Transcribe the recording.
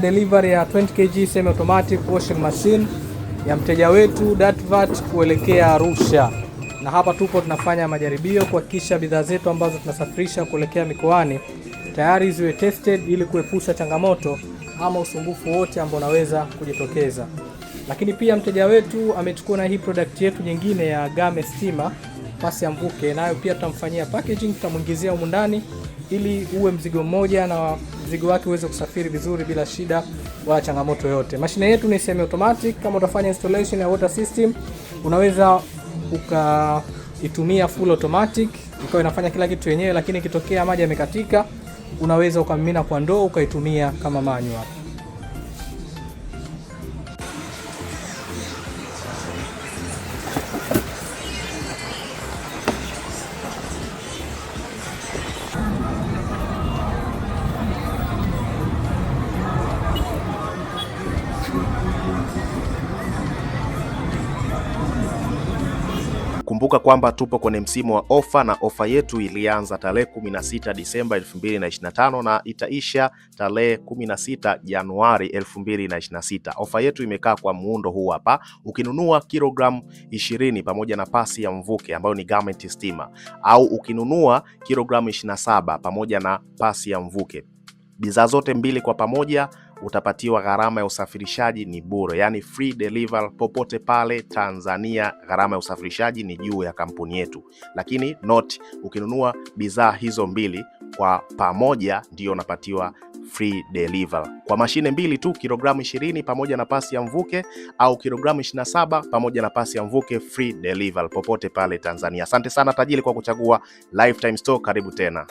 Delivery ya 20 kg semi automatic washing machine ya mteja wetu Datvat kuelekea Arusha, na hapa tupo tunafanya majaribio kuhakikisha bidhaa zetu ambazo tunasafirisha kuelekea mikoani tayari ziwe tested ili kuepusha changamoto ama usumbufu wote ambao unaweza kujitokeza. Lakini pia mteja wetu amechukua na hii product yetu nyingine ya game steamer pasi ambuke, nayo pia tutamfanyia packaging, tutamwingizia humu ndani ili uwe mzigo mmoja na mzigo wake uweze kusafiri vizuri bila shida wala changamoto yoyote. Mashine yetu ni semi automatic. Kama utafanya installation ya water system, unaweza ukaitumia full automatic ikawa inafanya kila kitu yenyewe, lakini ikitokea maji yamekatika, unaweza ukamimina kwa ndoo ukaitumia kama manual. Kumbuka kwamba tupo kwenye msimu wa ofa na ofa yetu ilianza tarehe 16 Disemba 2025 na itaisha tarehe 16 Januari 2026. Ofa yetu imekaa kwa muundo huu hapa. Ukinunua kilogramu 20 pamoja na pasi ya mvuke ambayo ni garment steamer, au ukinunua kilogramu 27 pamoja na pasi ya mvuke, bidhaa zote mbili kwa pamoja utapatiwa gharama ya usafirishaji ni bure, yani free delivery popote pale Tanzania. Gharama ya usafirishaji ni juu ya kampuni yetu, lakini not ukinunua bidhaa hizo mbili kwa pamoja, ndiyo unapatiwa free delivery kwa mashine mbili tu, kilogramu 20 pamoja na pasi ya mvuke au kilogramu 27 pamoja na pasi ya mvuke, free delivery popote pale Tanzania. Asante sana tajiri kwa kuchagua Lifetime Store, karibu tena.